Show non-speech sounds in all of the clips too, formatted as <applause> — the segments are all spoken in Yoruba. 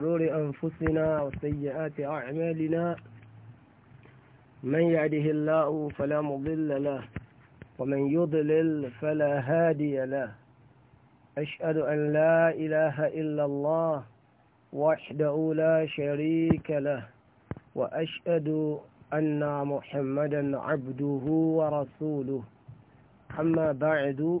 شرور أنفسنا وسيئات أعمالنا من يعده الله فلا مضل له ومن يضلل فلا هادي له أشهد أن لا إله إلا الله وحده لا شريك له وأشهد أن محمدا عبده ورسوله أما بعد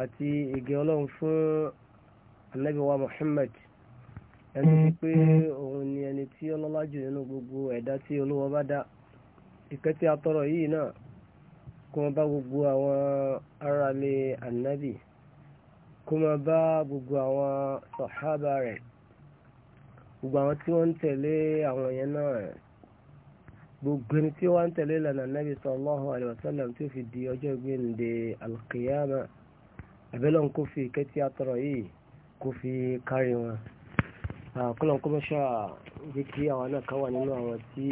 àti ìgẹ̀ ọlọ́run fún ànábì wa Muhammad ẹni tí mm-hmm. pé òun ni ẹni tí ọlọ́lá jù nínú gbogbo ẹ̀dá tí olówó bá dá ìkẹ́ tí a tọrọ yìí náà kó máa bá gbogbo àwọn aráalé kó máa bá gbogbo àwọn sọ̀hábà rẹ̀ gbogbo àwọn tí wọ́n alqiyama. àbẹ́lẹ̀ ń kó fi kẹ́tí àtọ̀rọ̀ yìí kó fi kárí wọn kọ́lọ̀ kọ́ mọ́ṣá jẹ́ kí àwọn náà kan wà nínú àwọn tí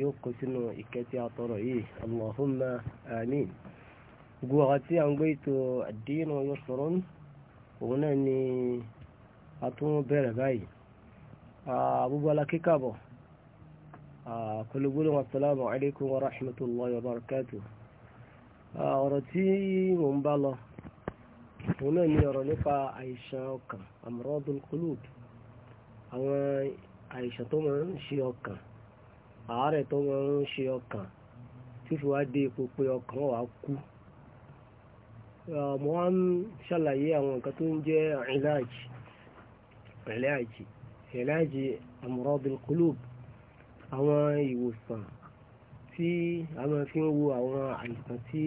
yóò kó sínú ìkẹ́tí àtọ̀rọ̀ yìí Allahumma amin gbogbo àwọn tí a ń gbé ètò ad-din yusrun òun náà ni a tún bẹ̀rẹ̀ báyìí gbogbo alákíkà bọ̀ kọlùgbọ́n assalamu alaykum wa rahmatullahi wa barakatuh ọ̀rọ̀ tí mò ń bá lọ òun náà ní ọ̀rọ̀ nípa àìsàn ọkàn amradul qulub àwọn àìsàn tó máa ń ṣe ọkàn àárẹ̀ tó máa ń ṣe ọkàn tí wá dé ipò pé ọkàn wà kú mo wá ń ṣàlàyé àwọn nǹkan tó ń jẹ́ ìlàjì ìlàjì ìlàjì amradul qulub àwọn ìwòsàn tí a máa fi ń wo àwọn àìsàn tí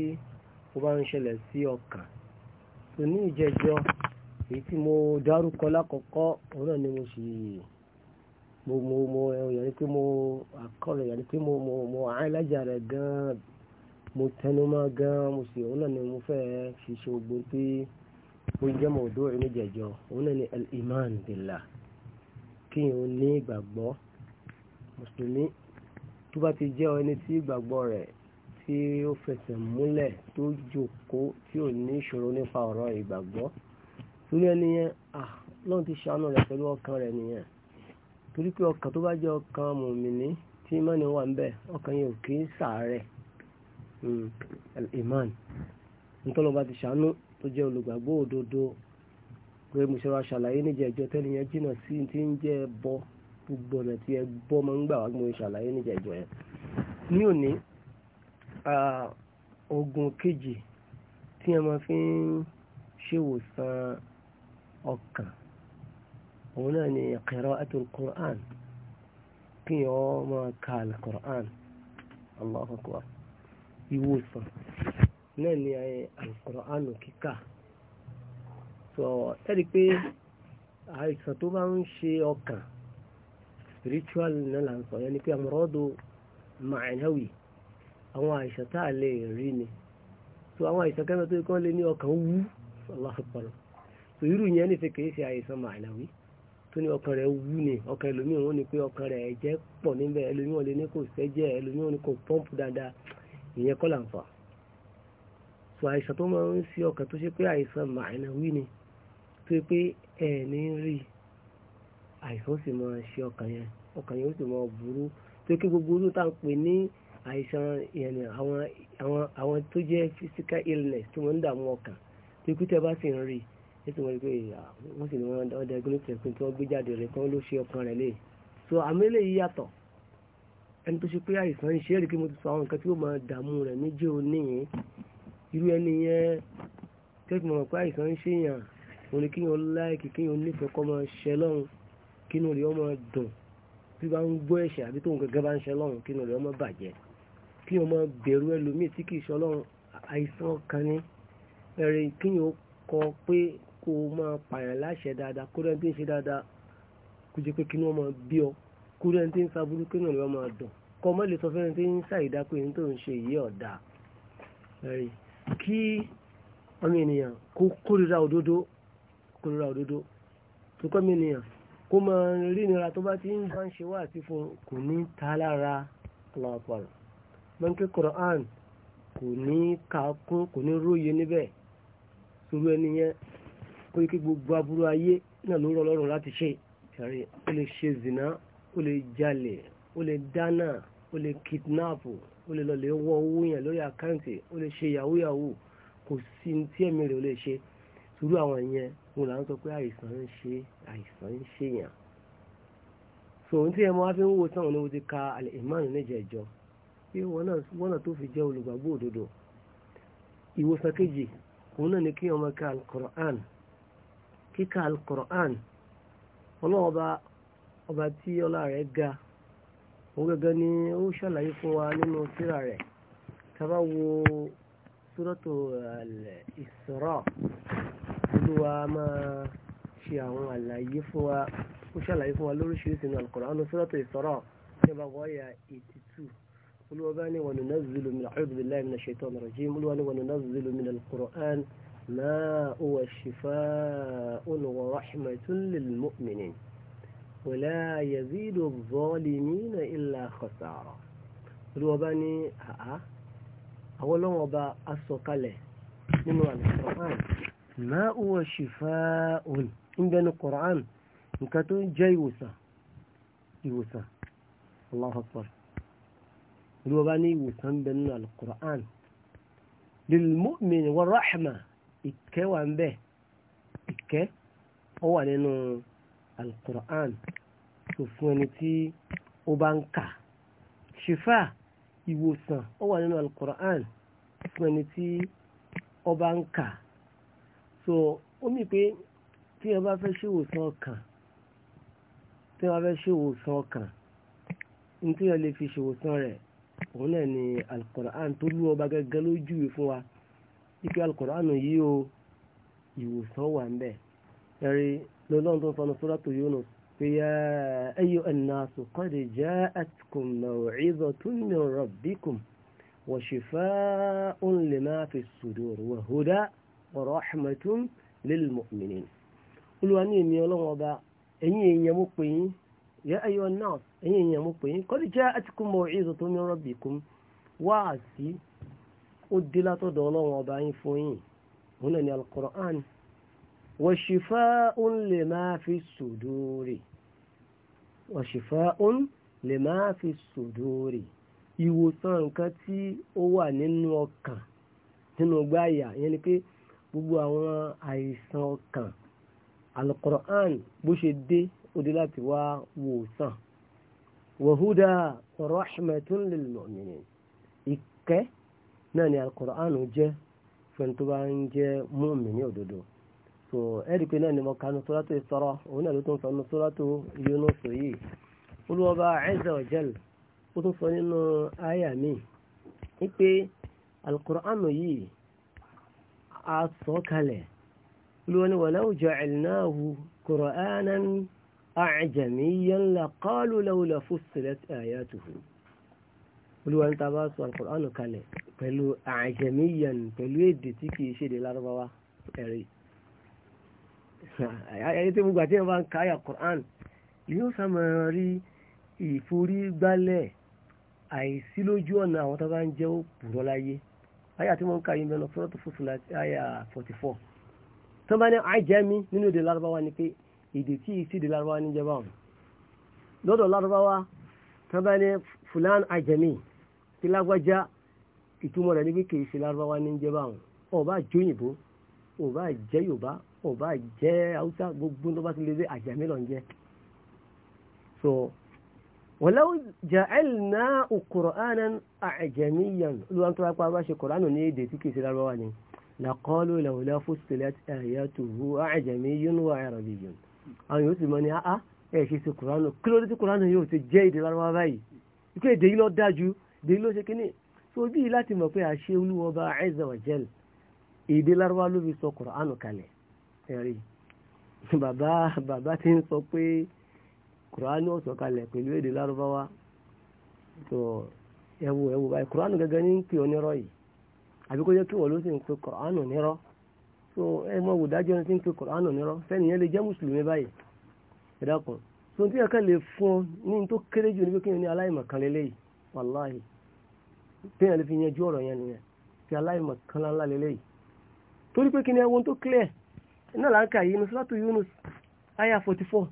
ó bá ń ṣẹlẹ̀ sí ọkàn tó ní ìjẹjọ èyí tí mo dárúkọ lákọ̀ọ́kọ́ òun náà ni mo sì mo mo mo ẹ̀yàn ni pé mo àkọlẹ̀ ẹ̀yàn ni pé mo mo mo àìlájà rẹ̀ gan-an mo tẹnumọ́ gan-an mo sì òun náà ni mo fẹ́ fi ṣe gbogbo pé ó jẹ́ mọ̀ ọ̀dọ́ ìní ìjẹjọ òun náà ni al-iman billah kí n ò ní ìgbàgbọ́ mùsùlùmí tó bá ti jẹ́ ẹni tí ìgbàgbọ́ rẹ̀ tí ó fẹsẹ̀ múlẹ̀ tó jòkó tí ò ní ìṣòro nípa ọ̀rọ̀ ìgbàgbọ́ torí ẹni yẹn lọ́n ti ṣàánú rẹ̀ pẹ̀lú ọkàn rẹ̀ nìyẹn torí pé ọkàn tó bá jẹ́ ọkàn mùmìnì tí ìmánì wà ń bẹ ọkàn yẹn ò kì í ṣàárẹ̀ ìmán nítorí bá ti ṣàánú tó jẹ́ olùgbàgbọ́ òdodo pé mo ṣe wá ṣàlàyé níjẹ́ ìjọ tẹ́lẹ̀ yẹn jìnnà sí ti ń jẹ́ ẹbọ gbogbo ọ̀nà tí ẹbọ máa ń oògùn kejì tí a máa fi ń ṣèwòsàn ọkàn òun náà ni qira'atul Qur'an kí ọ máa ka al-Qur'an Allahu akbar ìwòsàn náà ni al-Qur'an kíkà sọ ẹ́rí pé àìsàn tó bá ń ṣe ọkàn spiritual náà là ń sọ yẹn ni pé amradu ma'nawi àwọn àìsàn tá a lè rí ni so àwọn àìsàn kẹ́mẹ́ tó kọ́ lé ní ọkàn wú aláfipọ̀nà so irú yẹn ní fẹ́ kìí ṣe àìsàn màláwí tó ní ọkàn rẹ̀ wú ni ọkàn ẹlòmíràn wọn ni pé ọkàn rẹ̀ ẹ̀jẹ̀ pọ̀ níbẹ̀ ẹlòmíràn lè ní kò sẹ́jẹ̀ ẹlòmíràn kò pọ́ǹpù dáadáa ìyẹn kọ́ àìsàn tó máa ń ṣe ọkàn tó ṣe pé àìsàn màláwí ni tó ṣe pé ní rí àìsàn yẹnì àwọn tó jẹ́ physical illness tí wọ́n ń dààmú ọkàn tí kú tẹ́ bá sì ń rí ẹ sì wọ́n rí pé wọ́n sì ní wọ́n ọdẹ gúnlẹ̀ pé tí wọ́n gbé jáde rẹ̀ kán ló ṣe ọkàn rẹ̀ lé so àmì eléyìí yàtọ̀ ẹni tó ṣe pé àìsàn ìṣe rí kí mo ti sọ àwọn nǹkan tí ó máa dààmú rẹ̀ níjẹ́ òní yẹn irú ẹni yẹn tẹ́tí mọ̀ pé àìsàn ń ṣèyàn òní kí yẹn láìkì kí yẹn onífẹ̀ẹ́ kọ́ máa ṣẹ lọ́run kí inú rẹ̀ ọmọ dùn bí bá ń gbọ́ ẹ̀ṣẹ̀ àbí tóun gẹ́gẹ́ bá ń ṣẹ lọ́run kí inú rẹ̀ ọmọ bàjẹ́ kí o máa bẹ̀rù ẹlòmíì tí kìí ṣọlọ́run àìsàn kan ní ẹ̀rẹ̀ kí o kọ pé kó o máa pààyàn láṣẹ dáadáa kó rẹ́ni tí ń ṣe dáadáa kó jẹ́ pé kí wọ́n máa bí ọ kó rẹ́ni tí ń sa burúkú náà lọ́ máa dùn kọ́ mọ́ lè sọ fẹ́ni tí ń ṣàìdá pé ní tó ń ṣe yìí ọ̀dà ẹ̀rẹ̀ kí ọmọ ènìyàn kó kórira òdodo kórira òdodo tó kọ́ ọmọ ènìyàn kó máa rí nira tó bá ti ń bá ń ṣe wá àti fún kò ní ta lára lọ́pọ̀lọpọ̀ mọ́ńkì Quran kò ní kakún kò ní róye níbẹ̀ sórí ẹni yẹn kó yẹ kí gbogbo aburú ayé náà ló rọ lọ́rùn láti ṣe ṣàrí ó lè ṣe zina ó lè jalè ó lè dáná ó lè kidnap ó lè lọlẹ̀ wọ owó yẹn lórí àkáǹtì ó lè ṣe yahoo yahoo kò sí tí ẹ̀mí rẹ̀ ó lè ṣe sùúrù àwọn yẹn mo là ń sọ pé àìsàn ń ṣe àìsàn ń ṣe yàn. sòun tí ẹ mọ wá ń wo sáwọn ni mo ti ka alẹ́ ìmáàlú níjẹ̀ẹ́jọ́ pé wọ́n náà tó fi jẹ́ olùgbàgbọ́ òdodo ìwòsàn kejì òun náà ni kí ọmọ ká al-Qur'an kíkà al-Qur'an ọlọ́ọba ọba tí ọlá rẹ̀ ga òun gẹ́gẹ́ ni ó ṣàlàyé fún wa nínú síra rẹ̀ tábà wo suratu al-Isra olúwa máa ṣe àwọn àlàyé fún wa ó ṣàlàyé fún wa lóríṣiríṣi ní al-Qur'an suratu al-Isra ní ọba wọ́ọ̀yà 82. قل وباني وننزل من أعوذ الله من الشيطان الرجيم قل وننزل من القرآن ما هو شفاء ورحمة للمؤمنين ولا يزيد الظالمين إلا خسارة قل وباني ها أولا وبا أسوكاله من القرآن ما هو شفاء إن بين القرآن مكتون كتو جاي الله أكبر torí wọn bá ní ìwòsàn bẹ nínú alukur'an lil mu'min wa rahma ìkẹ́ wà ń bẹ ìkẹ́ ó wà nínú alukur'an tó fún ẹni tí ó bá ń kà ṣìfà ìwòsàn ó wà nínú alukur'an fún ẹni tí ó bá ń kà so ó mì pé tí ẹ bá fẹ́ ṣe ìwòsàn ọkàn tí ẹ bá fẹ́ ṣe ìwòsàn ọkàn ní tí lè fi ṣe ìwòsàn rẹ̀ òun náà ni alukoran tó lú ọba gẹ́gẹ́ lójú fún wa ike alukoran yìí o ìwòsàn wà ń bẹ ẹ̀rí lọ́lọ́run tó ń sọnù suratu Yunus pé ya ayyuha nnasu qad ja'atkum maw'izatun min rabbikum wa shifaa'un lima fi sudur wa huda wa rahmatun lil mu'minin olùwà ní èmi ọlọ́run ọba ẹ̀yin èèyàn mo pè yín yá ayọ̀ náà ẹ̀yin èèyàn mo pè yín kọ́lí jẹ́ àtikú mọ ìrò tó mi rọ́bì kún wá àti ó dé látọ̀dọ̀ ọlọ́run ọba yín fún yín òun náà ni alukoran wọ̀ṣìfà òun lè máa fi sòdóòrè wọ̀ṣìfà òun lè máa fi sòdóòrè ìwòsàn nǹkan tí ó wà nínú ọkàn nínú gbáyà yẹn ni pé gbogbo àwọn àìsàn ọkàn alukoran bó ṣe dé ó dé láti wá wòsàn wàhúdà rahmatun lil mu'minin ìkẹ́ náà ni alukur'an jẹ́ fún tó bá ń jẹ́ mọ́mìnì so ẹ̀rí pé náà ni mo kanu suratu Isra òun náà ló tún sọ nínú suratu Yunus yìí olùwọ́ba azza wa jal ó tún sọ nínú àyà mi wípé alukur'an yìí a sọ kalẹ̀ olùwọ́ni walau ja'alnahu qur'anan. أعجميا لقالوا لولا فصلت آياته olúwa أنت taba القرآن alukur'an kalẹ̀ أعجميا، àjẹmíyàn pẹ̀lú èdè tí kìí ṣe èdè lárúbáwá ẹ̀rí ẹni tí mo gbà tí wọn bá ń ka alukur'an yóò sábà rí ìforígbálẹ̀ àìsí lójú ọ̀nà àwọn tó bá ń jẹ́ òpùrọ̀ láyé àyà tí wọ́n ń ka yìí mẹ́nu fúrọ́tù fúsùlà àyà forty four ní àjẹmí nínú èdè lárúbáwá ni pé èdè tí ìsìdè lárúbáwá níjọba ọ̀hún lọ́dọ̀ lárúbáwá tábà ní fulan ajami tí lágbájá ìtumọ̀ rẹ̀ níbi kìí ṣe lárúbáwá níjọba ọ̀hún ọba jóyìnbó ọba jẹ́ yorùbá ọba jẹ́ haúsá gbogbo tó bá ti lè dé ajami lọ́n jẹ́ so wọ́láwó ja'alna qur'anan ajamiyan olúwa tó lápá bá ṣe kọ̀ránù ní èdè tí kìí ṣe lárúbáwá ni wa arabiyyun àwọn yóò sì mọ ní áá ah, ah, ẹ̀ ṣe ṣe kùránù kí ló dé tí kùránù yóò ti jẹ́ èdè lárúbáwá báyìí ikú èdè yìí ló dájú èdè yìí ló ṣe kíní tó bí i láti mọ̀ pé àṣẹ olúwọba azza wa jal èdè lárúbáwá ló fi sọ kùránù kalẹ̀ ẹ̀rí <laughs> bàbá bàbá ti ń sọ pé kùránù ó sọ kalẹ̀ pẹ̀lú èdè lárúbáwá tó ẹwù ẹwù báyìí kùránù gẹ́gẹ́ ní ń pè ọ́ nírọ́ yìí àbíkó yẹ kí wọ́n ló sì ń pe kùránù nírọ́ so ẹ mọ wò dájọ́ ẹni tí ń pe Quran nírọ́ fẹ́ni yẹn lè jẹ́ mùsùlùmí báyìí ẹ dákun so tí ẹ̀ka lè fún ọ ní tó kéré jù ní pé kéèyàn ní aláìmọ̀kan lélẹ́yìí wàláhì fi nye ọ̀rọ̀ yẹn nìyẹn lélẹ́yìí torí pé kí ni ẹwọ́n tó clear náà láǹkà yìí nùsùlátù Yunus aya forty four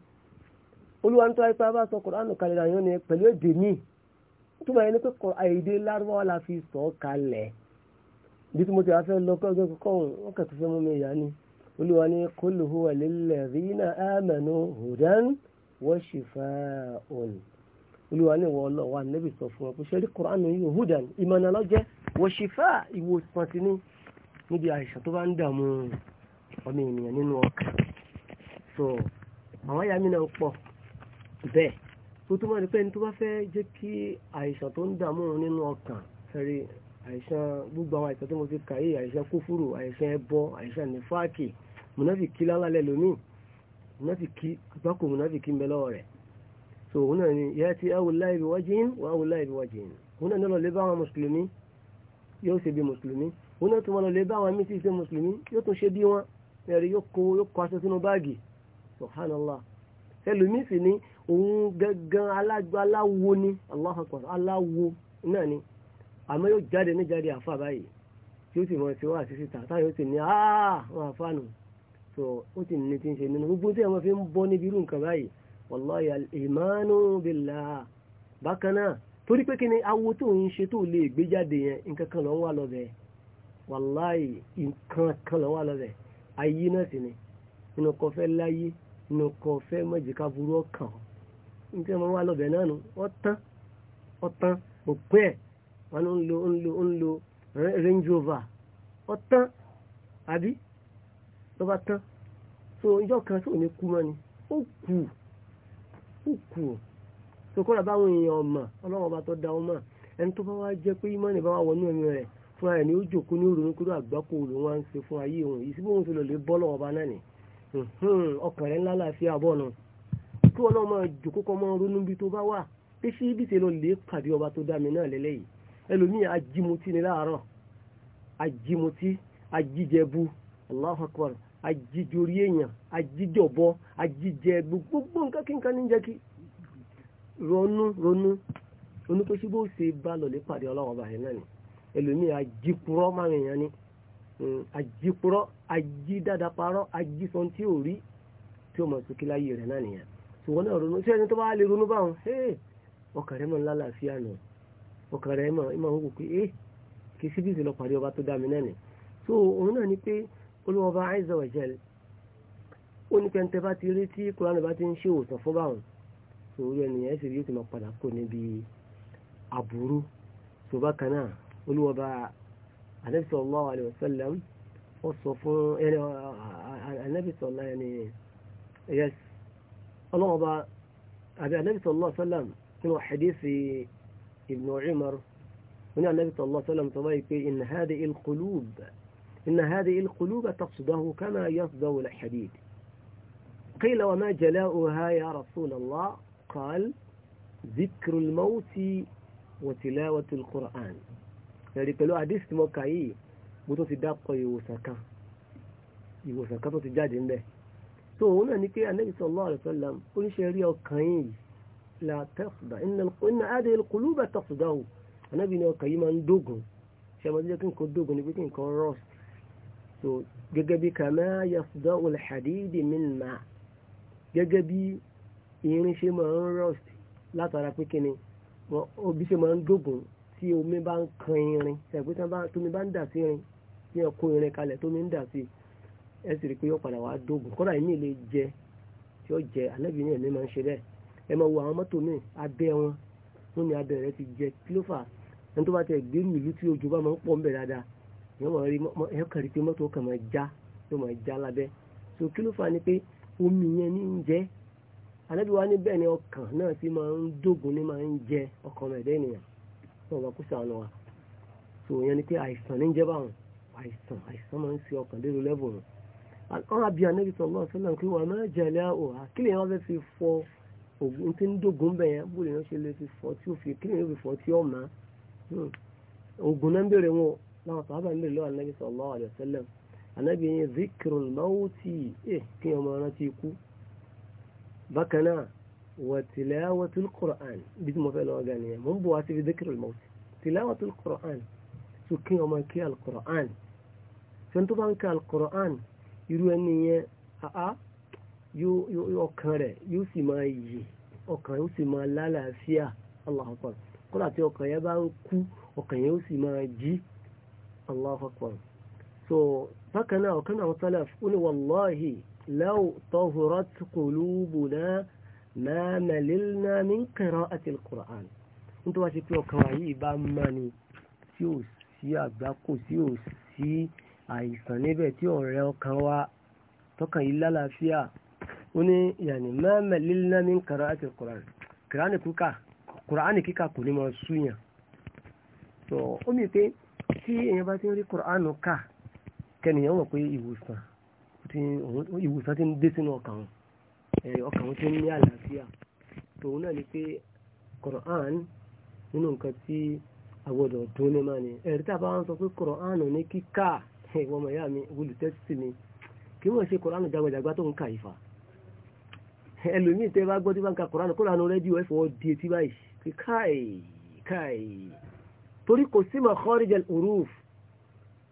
olúwa ń tọ́ ayé pé a bá sọ Quran kalẹ̀ ni pẹ̀lú yẹn ni pé la fi sọ bí tí mo ti afẹ́ lọ kọ́ gẹ́gẹ́ kọ́ wọn kàtí fẹ́ mú mi yá ni olúwa ní qul huwa lillazina amanu hudan wa shifaa'un olúwa ní ìwọ ọlọ́wà nẹ́bì sọ fún ọ pé ṣe rí Qur'an yìí hudan ìmọ̀nà lọ́jẹ́ wa shifaa' ìwòsàn ti ní níbi àìsàn tó bá ń dààmú ọmọ ènìyàn nínú ọkàn so àwọn àyà mi náà pọ̀ bẹ́ẹ̀ tó túmọ̀ ní pé ní tó bá fẹ́ jẹ́ kí àìsàn tó ń dààmú nínú ọkàn fẹ́rẹ́ àìsàn gbogbo àwọn àìsàn tó mo ti kà yìí àìsàn kúfúrù àìsàn ẹbọ àìsàn nífàákì mùnáfìkì lálálẹ lómi mùnáfìkì àgbákò mùnáfìkì ń bẹ lọ́wọ́ rẹ̀ so òun náà ni ìyá ti awùláì bí wájìn wà awùláì bí wájìn òun náà lọ lè bá àwọn mùsùlùmí yóò ṣe bí mùsùlùmí òun náà tún wọn lọ lè bá àwọn mísì ṣe mùsùlùmí yóò tún ṣe bí wọn ẹ̀rí yóò kó yóò kó aṣọ sínú báàgì subhanallah àmọ́ yóò jáde ní jáde àfa báyìí tí ó sì mọ̀ sí wá sí síta táwọn yóò sì ní àwọn àfáànù tó ó sì ní ti ń ṣe nínú gbogbo tí àwọn fi ń bọ́ níbi irú nǹkan báyìí wallahi al-imanu billah bákan náà torí pé kí ni awo tó ń ṣe tó lè gbé jáde yẹn nǹkan kan ló ń wà lọ́bẹ̀ wàláì nǹkan kan ló wà lọ́bẹ̀ ayé náà sì ni inú kò fẹ́ láyé inú kò fẹ́ mọ̀jìká burú ọkàn nǹkan máa wà lọ́bẹ̀ wọn ń lo ń lo ń lo eh, range rover ọtán àbí lọ́ba tán so ìjọ kan tó ní kú mọ́ ni ó kù ó kù so kọ́ra báwọn èèyàn ọmọ ọlọ́wọ́n bá tọ́ da ọmọ ẹni tó bá wá jẹ́ pé ìmọ̀ọ́nì bá wà wọnú ẹ̀mí rẹ̀ fúnra ẹ̀ ní ó jòkó ní òrùn kúrò àgbákò òrùn wá ń ṣe fún ayé òun yìí síbí òun ti lọ lè bọ́ lọ́wọ́ bá náà ni ọkàn rẹ̀ ńlá láàfin àbọ̀ nù kí ọlọ́mọ jòkó kọ́ mọ́ ronú bí tó bá wà pé sí ibi tèlò lè pàdé ọba tó dá mi náà lélẹ́yìí ẹlòmíì ajimutí ni láàárọ̀ ajimutí ajíjẹbu Allahu Akbar ajíjorí èèyàn ajíjọ̀bọ ajíjẹ gbogbo nǹkan kí nǹkan ní jẹ́ kí ronú ronú ronú pé ṣé bó ṣe bá lọ́lẹ́ pàdé ọlọ́wọ́ báyìí náà ni ẹlòmíì ajíkurọ́ máa ń yàn ni ajíkurọ́ ajídàdàparọ́ ajísan tí ò rí tí ó mọ̀ sókè láyé rẹ̀ náà nìyẹn ṣùgbọ́n náà ronú ṣé ẹni tó bá lè ronú báwọn ọkàn rẹ̀ mọ̀ náà ọkàn rẹ̀ mọ̀ ẹ máa ń wò pé ẹ eh, kì í síbi ìsìn lọ pàdé ọba tó dá mi náà nì so òun náà ni pé olùwọba Azza wa Jal ó ní pẹ́ńtẹ́ bá ti rí tí kúránì bá ti ń ṣe òòsàn fún báwọn sòwúrò ènìyàn ẹ̀sìn yóò ti máa padà kó níbi àbúrú sòbá kan náà olùwọba Ànábì sallallahu alaihi wasallam ó sọ fún ẹni Ànábì sallallahu ẹni yẹs ọlọ́wọ́ba àbí Ànábì sallallahu alaihi wasallam nínú hadiisi ibn Umar wọn ní anabi sallallahu alaihi wasallam tó báyìí pé in hadhihi al-qulub in hadhihi al-qulub tasdahu kama yasdahu al-hadid qila wa ma jala'uha ya rasulallah qal ذكر الموت وتلاوة القرآن يعني قالوا حديث موكاي بوتو في داقو يوسكا يوسكا تو تجاد مبه so ona ni pé Ànábì sallallahu alaihi wasallam ó ní ṣe rí ọkàn yín لا تصدى إن إن هذه القلوب تصدى النبي نو كيما ندوغو شما دي كن كدوغو نبي كن كروس so gẹ́gẹ́ bí kama ma gẹ́gẹ́ bí irin rust ṣe máa ń tí omi bá ń irin tómi bá ń dà sí irin tí irin kalẹ̀ tómi ń dà sí rí pé yóò padà wá tí ó ẹ̀mí máa ń ẹ máa wo àwọn mọ́tò míì abẹ́ wọn wọn ni abẹ́ rẹ ti jẹ kí ló fà ẹni tó bá tẹ gbé mìlú tí ojú bá máa ń pọ̀ ń bẹ̀ dáadáa yóò máa rí ẹ kàn pé mọ́tò kàn máa já yóò máa já lábẹ́ so kí ló fà ni pé omi yẹn ní ń jẹ́ Ànábì wa ní bẹ́ẹ̀ ni ọkàn náà sì máa ń dógun ní máa ń jẹ ọkàn rẹ̀ dẹ́nìyàn náà wà kó sànù wa so yẹn ni pé àìsàn ní ń jẹ́ báwọn àìsàn àìsàn máa ń ṣe ọkàn dérò lẹ́bùn ọ̀rọ̀ àbí Ànábì sallallahu alaihi wasallam pé máa jẹ̀lẹ́ ò ògùn tí ń dógùn bẹ̀ yẹn bó lè yàn ṣe lè fi fọ́ tí ó fi kí lè fi fọ́ tí ó mọ̀ hmm. ògùn náà ń bèrè wọn láwọn sábà ń bèrè lọ́wọ́ anábì sallallahu alaihi wasallam anábì yẹn zikrul mawti ẹ̀ eh, kí ọmọ rántí ikú bákan náà wa tilawatul Qur'an bí mo fẹ́ lọ́wọ́ gan nìyẹn mo ń bọ̀ wá síbi zikrul mawti tilawatul Qur'an tó kí ọmọ kí al-Qur'an bá ń ka al irú ẹni yẹn àá ọkàn rẹ̀ yóò sì máa yè ọkàn yóò sì máa lálàáfíà Allahu Akbar kódà tí ọkàn yẹn bá kú ọkàn yẹn yóò sì máa jí Allahu so bákan náà ọ̀kan àwọn salaf ó ní wàláhì law tahurat qulubuna ma malilna min qira'atil Qur'an nítorí wá sí pé ọkàn wa yìí bá máa ni tí ò sí àgbákò tí ò sí àìsàn níbẹ̀ tí ọ̀rẹ́ ọkàn wa tọkàn yìí lálàáfíà ó ní yàní mẹ́mẹ́ lílẹ́ mi ń kàrà àti kùránì kùránì kíkà kùránì kíkà kò ní máa súyàn tó ó mì pé tí èèyàn bá ti ń rí kùránì kà kẹ́nìyàn wọ̀ pé ìwòsàn ìwòsàn ti ń dé sínú ọkàn ọkàn wọn ti ń ní àlàáfíà tòun náà ni pé kùránì nínú nǹkan tí agbọ́dọ̀ tó ní máa ní ẹ̀rí tá a bá ń sọ pé kùránì ní kíkà <laughs> ìwọ́n mọ̀ ìyá mi olùtẹ́sí mi kí wọ́n ṣe kùránì jágbàjàgbà tó ń ẹlòmíì tẹ́ bá gbọ́ tí bá ń ka Kùránì kó lànà rẹ́díò ẹ̀fọ́ di etí báyìí káì káì torí kò sí makharijal huruf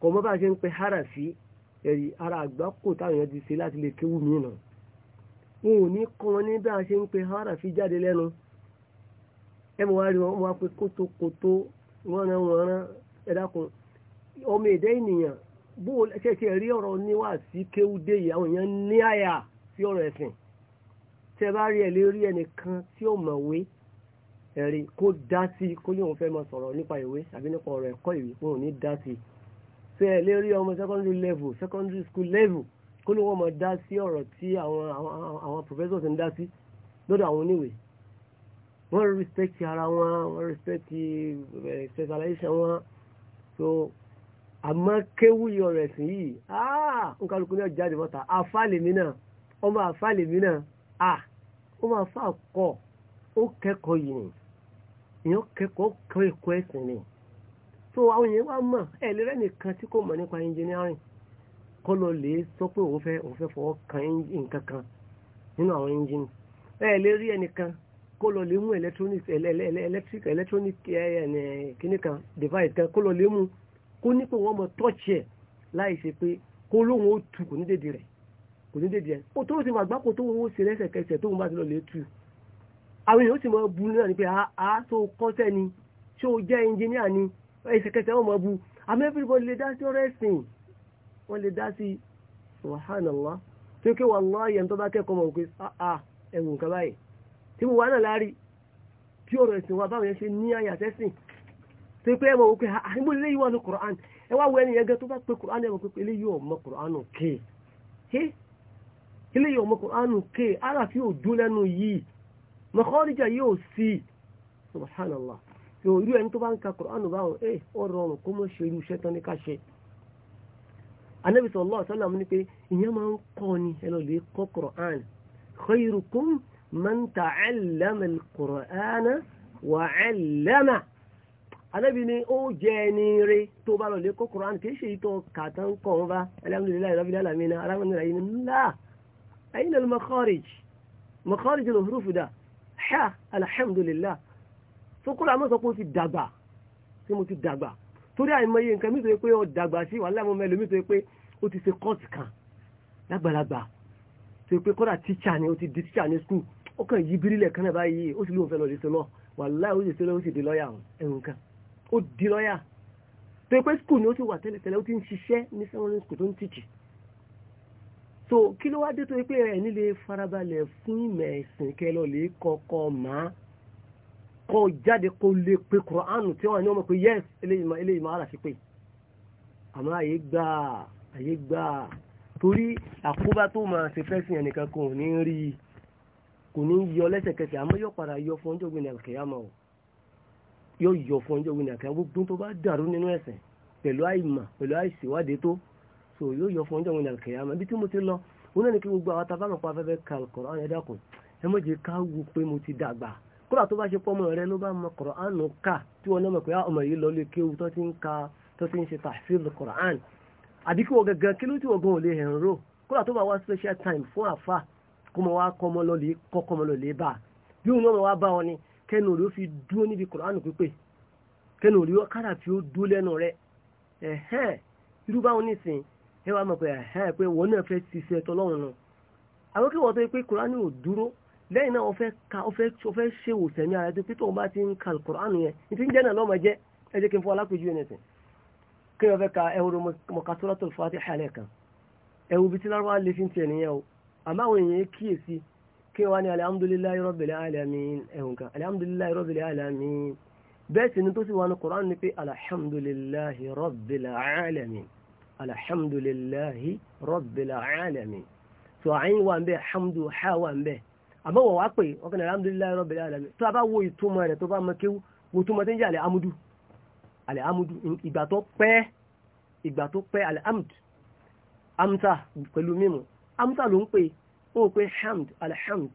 kò mọ́ bá ṣe ń pe harafi ẹ̀rí ara àgbá kò táwọn èèyàn ti ṣe láti lè kéwù mí nà wọn ò ní kọ́ wọn ní bá a ṣe ń pe harafi jáde lẹ́nu ẹ mọ̀ wá rí wọn wá pé kótókótó wọn rán wọn dákun ọmọ èdè ènìyàn bó ṣẹ̀ṣẹ̀ rí ọ̀rọ̀ níwá sí kéwù dé yìí àwọn èèyàn ní àyà sí ọ̀rọ̀ ẹ̀sìn tẹ bá rí ẹ lè rí ẹnìkan tí ó mọ̀wé ẹ̀rí kó dá sí kó yóò fẹ́ máa sọ̀rọ̀ nípa ìwé àbí nípa ọ̀rọ̀ ẹ̀kọ́ ìwé kó ní dá sí ṣe ẹ lè ọmọ secondary level secondary school level kó ló wọ́n máa dá sí ọ̀rọ̀ tí àwọn àwọn professors ń dá sí lọ́dọ̀ àwọn oníwèé wọ́n respect ara wọn wọ́n respect eh, specialization wọn so àmọ́ kéwú yọrọ̀ ẹ̀sìn yìí ah nǹkan lóko náà jáde bọ́ta àfáàlèmí náà ọmọ àfáàlèmí náà a ó máa fà kọ́ ó kẹ́kọ̀ọ́ yìí ni èèyàn kẹ́kọ̀ọ́ kọ́ ẹ̀kọ́ ẹ̀sìn ni so àwọn èèyàn wá mọ̀ ẹ̀ lérẹ́ nìkan tí kò mọ̀ nípa engineering kọ́ lọ lè sọ pé òun fẹ́ òun fẹ́ fọwọ́ kan nǹkan kan nínú àwọn engine ẹ̀ lè rí ẹnìkan kó lọ lè mú electric electronic kíní kan device kan kó lọ lè mú kó ẹ̀ láì ṣe pé kò ní dèdè ẹ̀ ó tó sì máa gbáko tó owó ṣe lẹ́sẹ̀kẹsẹ̀ tó ń bá ti lọ lè tu àwọn èèyàn sì máa bu náà ni pé a tó kọ́sẹ́ ni ṣé o jẹ́ ẹnjìníà ni ẹsẹ̀kẹsẹ̀ wọn máa bu àmọ́ everybody lè dá sí ọ̀rọ̀ ẹ̀sìn wọ́n lè dá sí subhanallah tó kí wallahi ẹni tó bá kẹ́kọ̀ọ́ mọ̀ pé ẹ̀wù nǹkan báyìí tí mo wà náà láàrí tí ọ̀rọ̀ ẹ̀sìn wa báwọn yẹn ṣe ní àyàtẹ́sìn tó pé ẹ̀mọ̀ wò pé àìmọ̀ eléyìí wà ní Qur'an ẹ wá wọ ẹni yẹn gẹ́ tó bá pé Qur'an ẹ̀ mọ̀ pé eléyìí ò mọ Qur'an kè é ilé yìí ọmọ kùránù ké ara fi òdú lẹ́nu yìí mọ̀kọ́rìjà yóò sí subhanallah tí ó irú ẹni tó bá ń ka kùránù báwọn ẹ ó rọrùn kó mọ̀ ṣe irú iṣẹ́ tán ní ká ṣe anabi sallallahu alaihi wasallam ní pé ìyẹn máa ń kọ́ ni ẹ lọ lè kọ́ kùránù khayrukum man ta'allama al-qur'ana wa anabi ni ó jẹ́ ẹni tó bá lọ lè kọ́ kùránù kì í ṣe ìtọ́ kàtàǹkọ̀ wọn bá alhamdulillahi rabbil alamin alámìnira yìí ńlá أين المخارج مخارج الحروف ده حا الحمد لله فقل عما تقول في الدبا في موت الدبا torí àìmọye nǹkan mi tó yẹ pé ó dàgbà sí wàhálà àwọn ọmọ ẹlòmíì tó yẹ pé ó ti ṣe kọ́ọ̀tì kan lágbàlagbà tó yẹ pé kọ́dà tíṣà ni ó ti di tíṣà ní skul ó kàn yí bírílẹ̀ kan náà báyìí ó sì lóun fẹ́ lọ́ọ́ di sọlọ́ wàhálà ó sì sọlọ́ ó sì di lọ́ọ̀yà ẹ̀rù kan ó di lọ́ọ̀yà tó yẹ pé skul ni ó ti wà tẹ́lẹ̀tẹ́lẹ̀ ó ti ń ṣiṣẹ́ ní sẹ́wọ́n ní skul tó ń tíṣì so kí ló wá dé tó yẹ pé ẹni lè farabalẹ̀ fún ìmọ̀ ẹ̀sìn kẹlọ lè kọ́kọ́ mọ́ kọ́ jáde kó lè pe Kùránù tí wọ́n ní ọmọ pé yẹ́s eléyìí mọ́ eléyìí mọ́ ara ṣe pé àmọ́ àyè gbà àyè gbà torí àkóbá tó máa ṣe fẹ́ sìn ẹnìkan kò ní rí i kò ní yọ lẹ́sẹ̀kẹsẹ̀ àmọ́ yóò padà yọ fún ọjọ́ gbìnà kẹyàmọ́ o yóò yọ fún ọjọ́ gbìnà kẹyàmọ́ gbogbo tó bá dàrú nínú ẹ̀sìn pẹ̀lú àìmọ̀ pẹ̀lú àìṣèwádìí tó so yóò yọ fún ọjọ́ wọn ní alkiyama ibi tí mo ti lọ wọn náà ní kí gbogbo àwọn tábà mọ̀ pa afẹ́fẹ́ ka Al-Qur'an ẹ dákun ẹ mọ̀ jẹ́ ká wo pé mo ti dàgbà kódà tó bá ṣe pọ́ ọmọ rẹ ló bá mọ Al-Qur'an ká tí wọn náà mọ̀ pé ah, ọmọ yìí lọ lé kéwu tó ti ń ka tó ti ń ṣe tafsir Al-Qur'an àbí kí kí ló tí wọ́n gan hẹ̀ ń rò special time fún àfa kó mọ wá kọ́ ọmọ lọ́lẹ̀ kọ́ kọ́ ọmọ lọ́lẹ̀ bá bí òun náà mọ̀ wá bá ọ ni kẹ́nu rí ó fi irú báwọn nísìn ẹ wá mọ̀ pé ẹ̀hẹ́ pé wọ́n náà fẹ́ ṣiṣẹ́ tọ́lọ́run lọ àwọn kí wọ́n tó pé kùránì ò dúró lẹ́yìn náà wọ́n fẹ́ ka wọ́n fẹ́ tó fẹ́ ṣe wò sẹ́mi ara tó pé tóun bá ti ń ka kùránì yẹn ní ti ń jẹ́ náà lọ́mọ jẹ́ ẹ jẹ́ kí n fọ alápèjú yẹn nìsín kí wọ́n fẹ́ ka ẹ̀hóró mọ̀kátọ́lọ́tò Fatiha lẹ́ẹ̀kan ẹ̀wù bíi tíláwá lè fi ń tiẹ̀ alhamdulillahi rabbil alamin tó àyìn wà ń bẹ hamdu ha wà ń bẹ àmọ́ wọ́n wá pé ọkàn alhamdulillahi rabbil alamin tó a bá wo ìtumọ̀ rẹ̀ tó bá mọ kéwú wo túmọ̀ tó ń jẹ́ alẹ́ amudu alẹ́ amudu ìgbà tó pẹ́ ìgbà tó pẹ́ alẹ́ amudu amsa pẹ̀lú mímu amsa ló ń pè ó pé hamd alhamd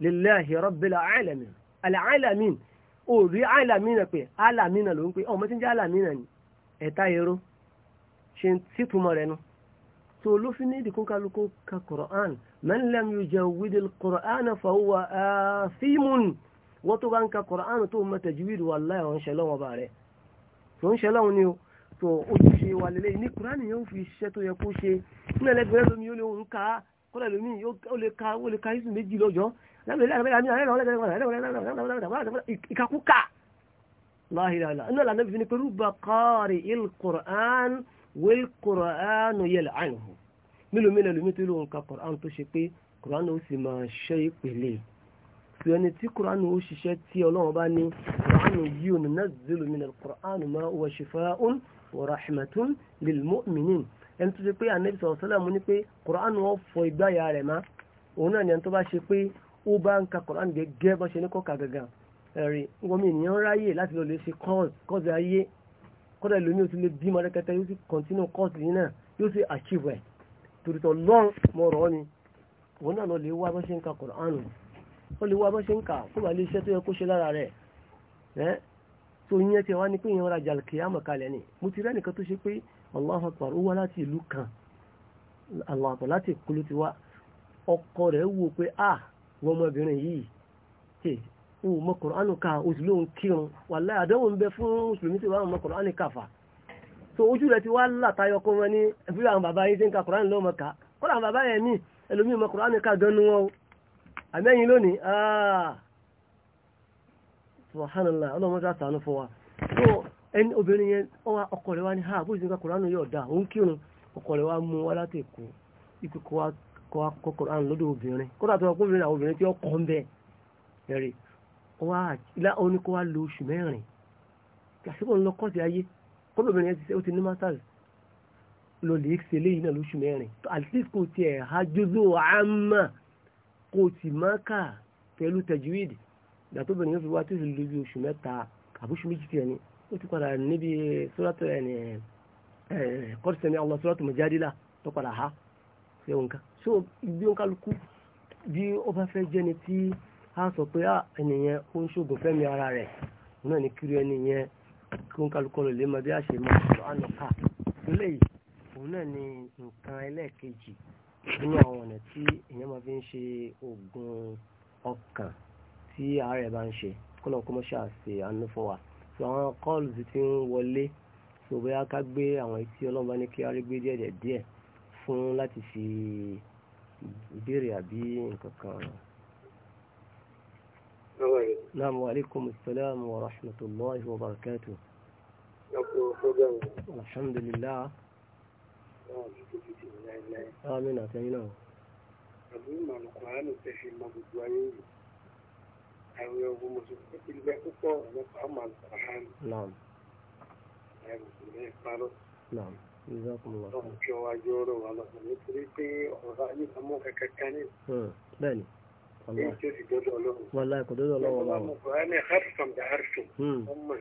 lillahi rabbil alamin alẹ́ ó rí alamin pé alamin ló ń ṣe ń títúmọ̀ rẹ̀ nu tó ló fi ní ìdíkún kálukú ka Qur'an man lam yujawwidil Qur'an fa huwa afimun wọ́n tó bá ń ka Qur'an tó mọ tajwid wallahi ń ṣe lọ́wọ́ bá rẹ̀ tó ń ṣe lọ́wọ́ ni o tó o ti ṣe wà lélẹ́yìn ní Qur'an yóò fi iṣẹ́ tó yẹ kó ṣe nílẹ̀ lẹ́gbẹ̀rẹ́ lómi yóò lè ń ka kọ́lẹ̀ lómi yóò lè ka ó lè ka yíṣu méjì lọ́jọ́ ìkakúkà láhìláhìlá iná lànà fi ni pẹ̀lú bàkárì il Qur'an wẹ́l kùránù yẹlẹ àìhùn mélòó mélòó lómi tó lóun ka kùránù tó ṣe pé kùránù ó sì máa ṣe ìpele ṣùgbọ́n tí kùránù ó ṣiṣẹ́ tí ọlọ́run bá ní kùránù yìí ò ní nàzílù mi nàl kùránù máa wọ ṣìfàún wọ rahmatun lil mu'minin ẹni tó ṣe pé anabi sọ̀rọ̀ sọ́lá mu ní pé kùránù ó fọ ìgbáyà rẹ̀ má òun náà ni ẹni tó bá ṣe pé ó bá ń ka kùránù gẹ́gẹ́ bá ṣe ní kọ́ka gàgà ẹ̀rí wọ́n mi ènìyàn ráyè láti lọ lè ṣe kọ́ọ̀sì ayé kódà ìlú ní o ti lè bímọ rẹkẹtẹ yóò sì kọ́ntínú kọ́ọ̀tù yìí náà yóò sì àchíwò ẹ̀ torítọ̀ lọ́n ni òun náà lọ lè wá bá ṣe ń ka Kùránì ó lè wá bá ṣe ń kà kó bá lè iṣẹ́ tó yẹ kó ṣe lára rẹ̀ ẹ́ tó yẹn ti wá ní pé ìyẹn ra jàlùkì àmọ̀ kalẹ̀ ni mo ti nìkan tó ṣe pé ó wá láti kan láti ti wá ọkọ wò pé ah, ọmọbìnrin yìí òun mọ kùránù ká oṣù lóun kírun wàláhì àdánwò ń bẹ fún mùsùlùmí tí wàá mọ kùránù káfà so ojú rẹ ti wá látayọ wọn ní àwọn bàbá yìí ti ń ka kùránù lọ́mọ ká kọ́lá àwọn bàbá yẹn mí ẹlòmíì mọ kùránù ká gan wọn o àmẹ́yìn lónìí ah, subhanallah ọlọ́mọ ha ah, wa ó ní kó wá lo oṣù mẹ́rin àṣìkò ńlọ kọ́ọ̀sì ayé kọ́lọ́bìnrin yẹn ti ṣe ó ti ní masters lọ lè ṣe léyìí náà lóṣù mẹ́rin at least kò tiẹ̀ hajjúzó àmà kò tì máa kà pẹ̀lú tajwid ìdàtọ́bìnrin yóò fi wá tó sì lóbi oṣù mẹ́ta àbúṣù méjì tiẹ̀ ni ó ti padà níbi sọ́dọ̀tọ̀ ẹni kọ́ọ̀sì ẹni Allah sọ́dọ̀tọ̀ mọ̀jádìlá tó padà ha ṣe òǹkà so ibi òǹkà lukú bí ó bá fẹ́ jẹ́ni tí á sọ pé ah, ẹnìyẹn ó ń ṣògùn fẹ́mi ara rẹ̀ òun náà ní kiri ẹnìyẹn kí ó ń kálukú lò lè mọ bí a ṣe máa sọ àná ká ah, sílẹ̀ yìí òun náà ní nǹkan ẹlẹ́ẹ̀kejì nínú àwọn ọ̀nà tí èèyàn máa fi ń ṣe oògùn ọkàn tí ara bá ń ṣe kọ́nà kọ́mọ́ṣà ṣe àánú fún wa so àwọn kọ́ọ̀lù ti ń wọlé so bóyá ká gbé àwọn etí ọlọ́run bá ní kí arí gbé díẹ̀ díẹ̀ fún láti fi ìbéèrè àbí nǹkan kan السلام عليكم نعم، السلام ورحمة الله وبركاته الحمد لله آمين أتينا نعم نعم جزاكم الله خير. wàláì kò dọ́dọ̀ lọ́wọ́ lọ́wọ́. ọmọ harsun da harsun ọmọ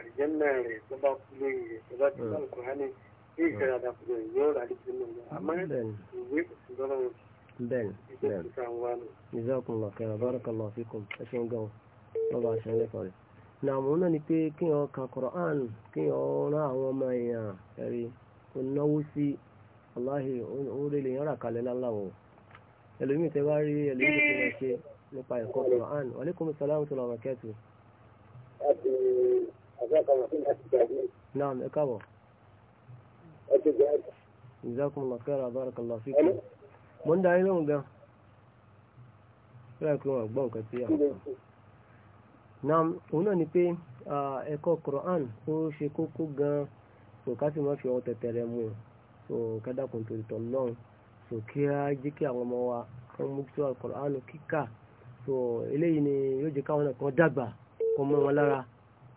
aljanna rẹ̀ tó bá kú lóyìn rẹ̀ tó bá tún hmm. kú hánì bí ìṣẹ̀lẹ̀ àdàkù rẹ̀ yóò rà ní sínú rẹ̀ àmọ́ ìwé kò sí lọ́wọ́ rẹ̀. bẹ́ẹ̀ni bẹ́ẹ̀ni jazakumullahu khairan barakallahu fikum ẹ ṣeun gan lọ́ba náà ni pé kí wọn ka Qur'an kí wọn rán àwọn ọmọ èèyàn ẹ̀rí kò náwó sí aláhi ó rí lè kalẹ̀ láláwọ̀ ẹlòmíì tẹ wá rí ẹlòmíì tó lọ eh. ṣe nípa ẹ̀kọ́ Quran aleykum salaam tó lọ wà kẹ́tù. naam ẹ káàbọ̀. jazakumullahu khairan barakallahu fikum. mo ń darí lóhùn gan. kíláà kí wọn gbọ́ nǹkan sí àwọn kan. naam òun náà ni pé ẹ̀kọ́ Quran ó ṣe kókó gan-an kò ká sì má fi ọwọ́ tẹ̀tẹ̀rẹ̀ mú un kò kẹ́dàkùn torí tọ̀ so kí á jẹ́ kí àwọn ọmọ wa wọ́n mú tó Al-Kùránì kíkà so eléyìí ni yóò jẹ́ káwọn kan dàgbà kó mọ́ wọn lára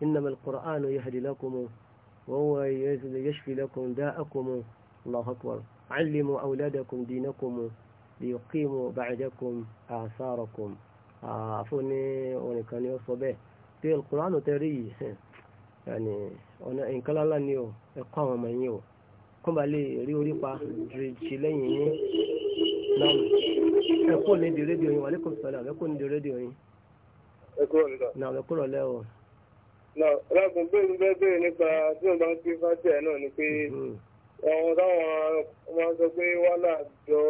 innamal Qur'anu yahdi lakum wa huwa yashfi lakum da'akum Allahu akbar allimu awladakum dinakum liyuqimu ba'dakum asarakum àfún ní orin kan ni ó sọ bẹ́ẹ̀ pé Al-Kùránì tẹ́rí ni ó ẹ̀kọ́ àwọn ọmọ yìí kó ba lè rí orí pa dìrìjì lẹ́yìn yín náà ẹ kúrò nídìí rédíò yín wàlékún sọlá ẹ kúrò nídìí rédíò yín. ẹ kúrò nígbà. náà ẹ kúrò lẹ́ o. náà lákùn bẹ́ẹ̀ bẹ́ẹ̀ bẹ́ẹ̀ nípa tí mo bá ń kí fásitì náà ni pé hmm. àwọn táwọn ọmọ sọ pé wàhálà jọ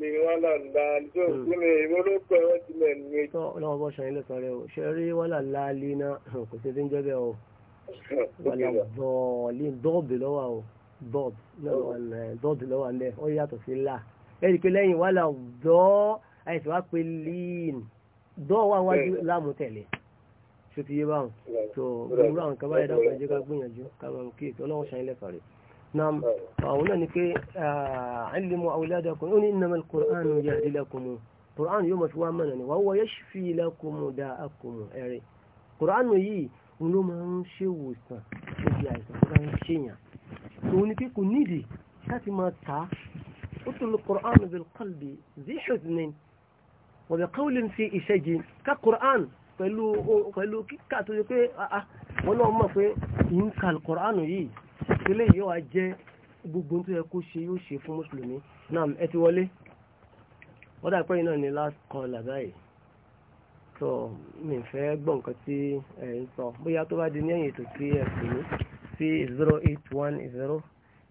lè wàhálà láàlì tó kí ni èmi hmm. ló pẹ́ wọ́n ti lẹ̀ ní. tó lọ́wọ́ bọ́ sọyìn lẹ́sọ̀ rẹ o ṣe rí wàhálà láàlì náà kò sí ti ń jẹ́ bẹ́ẹ̀ o <laughs> wàhálà dọ̀ọ̀lì dọ́ọ̀bì lọ́wọ́ o dọ́ọ̀d dọ́ọ̀d lọ́wọ́ ń bẹ́ ọ yàtọ̀ sí ńlá ẹ̀rí pé lẹ́yìn wàhálà dọ́ àìsàn wá pé lean dọ́ọ̀ wà wájú láàmú tẹ̀lé ṣe ti yé báwọn tó gbogbo àwọn kan báyìí dákun ẹ̀jẹ̀ ká gbìyànjú ká máa kí ètò ọlọ́run ṣàyìn lẹ́fà rẹ̀ na àwọn náà ni pé alimu ah, awladakum ó ní innamal qur'anu yahdi lakum qur'an yóò mọ̀ fi wá mọ̀nà ni wa huwa yashfi lakum da'akum ẹ̀rẹ̀ qur'an yìí ló máa ń ṣèwòsàn níbi àìsàn tó bá ń ṣèyàn òun ni pé kò nídìí káti máa ta utul qur'an bil qalbi zi huznin wa bi qawlin fi ishajin ká qur'an pẹ̀lú pẹ̀lú kíkà tó yẹ pé ah, ah, wọ́n náà mọ̀ pé yín ka qur'an yìí ìpínlẹ̀ yìí wà jẹ́ gbogbo tó yẹ kó ṣe yóò ṣe fún mùsùlùmí náà ẹ ti wọlé wọ́n dà pé iná ni last call làbáyìí tó mi fẹ́ gbọ́ nǹkan tí ẹ̀ ń sọ bóyá tó bá di ní ẹ̀yìn ètò tí ẹ pè mí sí zero eight one zero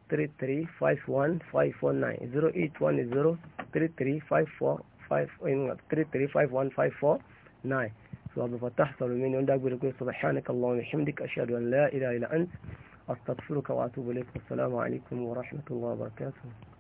three three five one five four nine zero eight one zero three three five four five three three five one five four nine. so abdulfatah salome ni wọ́n dágbére pé subhanaka allahumma wa bihamdika ashhadu an la astaghfiruka wa atubu ilayk assalamu alaikum wa rahmatullahi wa barakatuh.